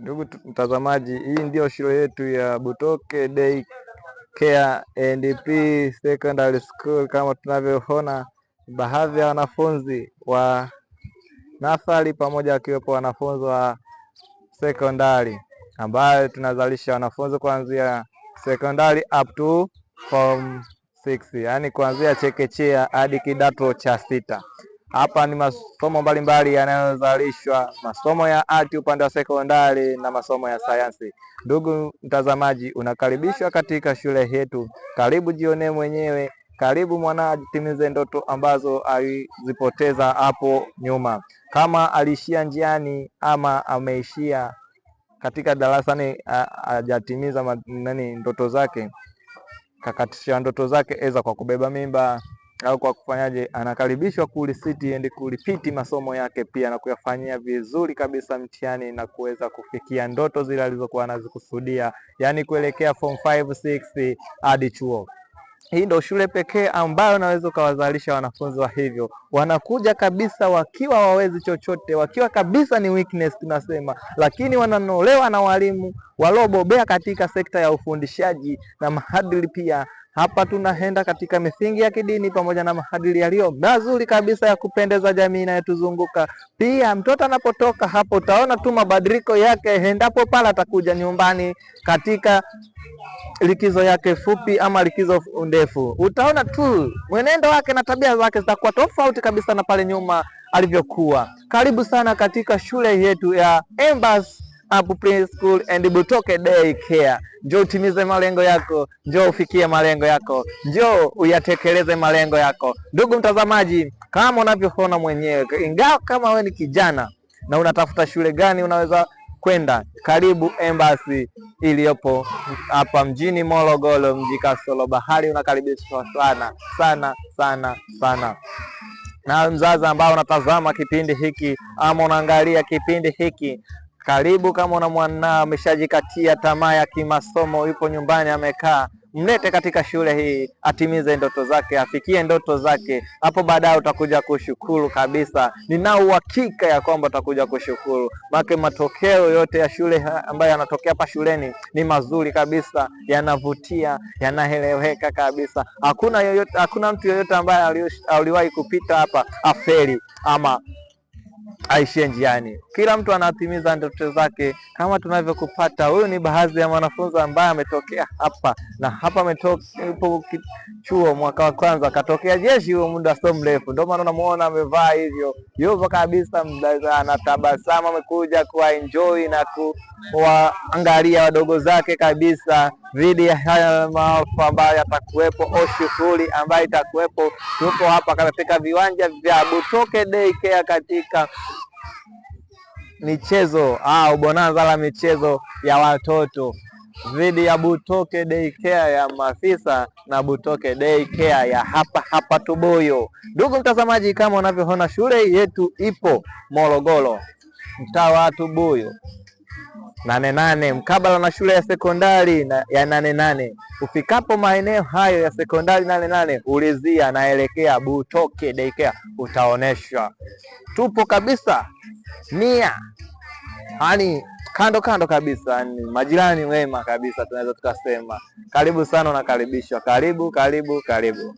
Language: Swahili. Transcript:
Ndugu mtazamaji, hii ndio shule yetu ya Butoke Day Care and Secondary School. Kama tunavyoona, baadhi ya wanafunzi wa nasari pamoja wakiwepo wanafunzi wa sekondari, ambayo tunazalisha wanafunzi kuanzia sekondari up to form 6, yaani kuanzia chekechea hadi kidato cha sita. Hapa ni masomo mbalimbali yanayozalishwa, masomo ya ati upande wa sekondari na masomo ya sayansi. Ndugu mtazamaji, unakaribishwa katika shule yetu. Karibu jionee mwenyewe, karibu mwana atimize ndoto ambazo alizipoteza hapo nyuma, kama aliishia njiani ama ameishia katika darasani hajatimiza nani ndoto zake, kakatisha ndoto zake eza kwa kubeba mimba au kwa kufanyaje, anakaribishwa kulisiti endi kulipiti masomo yake pia na kuyafanyia vizuri kabisa mtihani na kuweza kufikia ndoto zile alizokuwa anazikusudia, yani kuelekea form 5 6 hadi chuo. Hii ndo shule pekee ambayo unaweza ukawazalisha wanafunzi wa hivyo, wanakuja kabisa wakiwa wawezi chochote, wakiwa kabisa ni weakness tunasema, lakini wananolewa na walimu waliobobea katika sekta ya ufundishaji na maadili pia hapa tunaenda katika misingi ya kidini pamoja na maadili yaliyo mazuri kabisa ya kupendeza jamii inayotuzunguka. Pia mtoto anapotoka hapo, utaona tu mabadiliko yake endapo pale atakuja nyumbani katika likizo yake fupi ama likizo ndefu, utaona tu mwenendo wake na tabia zake zitakuwa tofauti kabisa na pale nyuma alivyokuwa. Karibu sana katika shule yetu ya Embassy hapo preschool and Butoke day care. Njoo utimize malengo yako, njoo ufikie malengo yako, njoo uyatekeleze malengo yako. Ndugu mtazamaji, kama unavyoona mwenyewe, ingawa kama we ni kijana na unatafuta shule gani unaweza kwenda, karibu Embassy iliyopo hapa mjini Morogoro, mji kasoro bahari, unakaribishwa sana sana sana sana na mzazi ambao unatazama kipindi hiki ama unaangalia kipindi hiki, karibu, kama una mwanao ameshajikatia tamaa ya kimasomo, yupo nyumbani amekaa, mlete katika shule hii atimize ndoto zake, afikie ndoto zake. Hapo baadaye utakuja kushukuru kabisa. Nina uhakika ya kwamba utakuja kushukuru, maana matokeo yote ya shule ambayo yanatokea hapa shuleni ni mazuri kabisa, yanavutia, yanaheleweka kabisa. Hakuna yoyote, hakuna mtu yoyote ambaye aliwahi kupita hapa aferi ama aishie njiani. Kila mtu anatimiza ndoto zake kama tunavyokupata. Huyu ni baadhi ya mwanafunzi ambaye ametokea hapa na hapa ametopo chuo mwaka wa kwanza, akatokea jeshi huo muda sio mrefu, ndio maana unamuona amevaa hivyo. Yupo kabisa, anatabasamu, amekuja kuwaenjoy na kuwaangalia wadogo zake kabisa dhidi ya haya maafa ambayo yatakuwepo au shughuli ambayo itakuwepo. tuko hapa katika viwanja vya Butoke Daycare katika michezo au ah, bonanza la michezo ya watoto dhidi ya Butoke Daycare ya Mafisa na Butoke Daycare ya hapa hapa Tuboyo. Ndugu mtazamaji, kama unavyoona shule yetu ipo Morogoro, mtaa wa Tuboyo nane nane mkabala na shule ya sekondari na, ya nane nane. Ufikapo maeneo hayo ya sekondari nane nane, ulizia naelekea Butoke Daycare, utaoneshwa tupo kabisa nia hani kando kando kabisa, ni yaani, majirani wema kabisa, tunaweza tukasema. Karibu sana, unakaribishwa. Karibu, karibu, karibu.